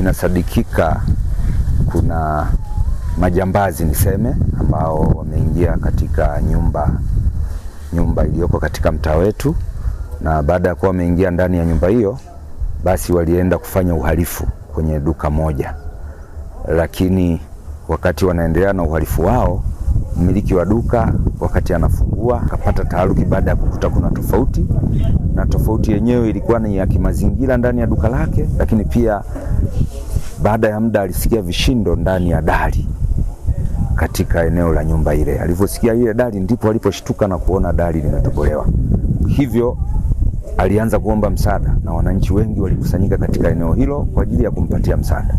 inasadikika kuna majambazi niseme, ambao wameingia katika nyumba nyumba iliyoko katika mtaa wetu, na baada ya kuwa wameingia ndani ya nyumba hiyo, basi walienda kufanya uhalifu kwenye duka moja, lakini wakati wanaendelea na uhalifu wao, mmiliki wa duka wakati anafungua akapata taharuki baada ya kukuta kuna tofauti, na tofauti yenyewe ilikuwa ni ya kimazingira ndani ya duka lake, lakini pia baada ya muda alisikia vishindo ndani ya dari katika eneo la nyumba ile. Alivyosikia ile dari, ndipo aliposhtuka na kuona dari limetobolewa, hivyo alianza kuomba msaada, na wananchi wengi walikusanyika katika eneo hilo kwa ajili ya kumpatia msaada.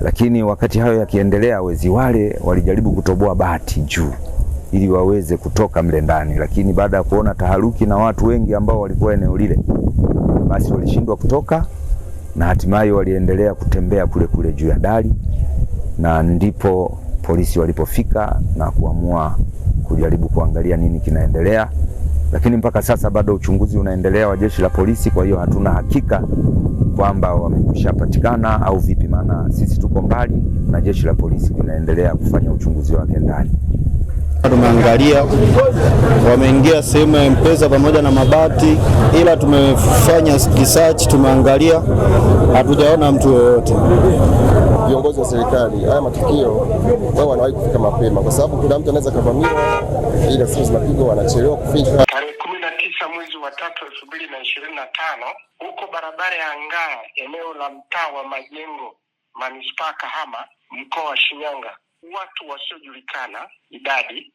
Lakini wakati hayo yakiendelea, wezi wale walijaribu kutoboa bati juu ili waweze kutoka mle ndani, lakini baada ya kuona taharuki na watu wengi ambao walikuwa eneo lile, basi walishindwa kutoka na hatimaye waliendelea kutembea kule kule juu ya dari, na ndipo polisi walipofika na kuamua kujaribu kuangalia nini kinaendelea, lakini mpaka sasa bado uchunguzi unaendelea wa jeshi la polisi. Kwa hiyo hatuna hakika kwamba wamekwishapatikana au vipi, maana sisi tuko mbali na jeshi la polisi linaendelea kufanya uchunguzi wake ndani. Tumeangalia wameingia sehemu ya Mpesa pamoja na mabati, ila tumefanya research, tumeangalia hatujaona mtu yoyote. Viongozi wa serikali, haya matukio wao wanawahi kufika mapema, kwa sababu kuna mtu anaweza kavamiwa, ila simu zinapigwa, wanachelewa kufika. Tarehe kumi na tisa mwezi wa tatu elfu mbili na ishirini na tano huko barabara ya ngaa eneo la mtaa wa Majengo, manispaa Kahama, mkoa wa Shinyanga watu wasiojulikana idadi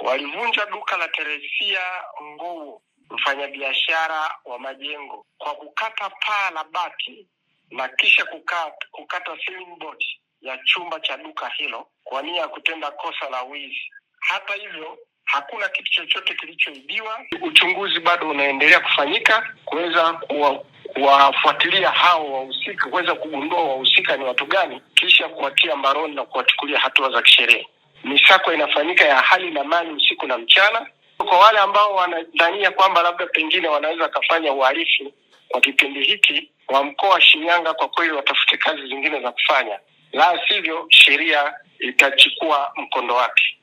walivunja duka la Teresia nguu mfanyabiashara wa majengo, kwa kukata paa la bati na kisha kukata, kukata ceiling board ya chumba cha duka hilo kwa nia ya kutenda kosa la wizi. Hata hivyo hakuna kitu chochote kilichoibiwa. Uchunguzi bado unaendelea kufanyika kuweza kuwafuatilia hao wahusika, kuweza kugundua wahusika ni watu gani, kisha kuwatia mbaroni na kuwachukulia hatua za kisheria. Misako inafanyika ya hali na mali, usiku na mchana. Kwa wale ambao wanadhania kwamba labda pengine wanaweza wakafanya uhalifu kwa kipindi hiki, wa mkoa wa Shinyanga kwa kweli watafute kazi zingine za kufanya, la sivyo sheria itachukua mkondo wake.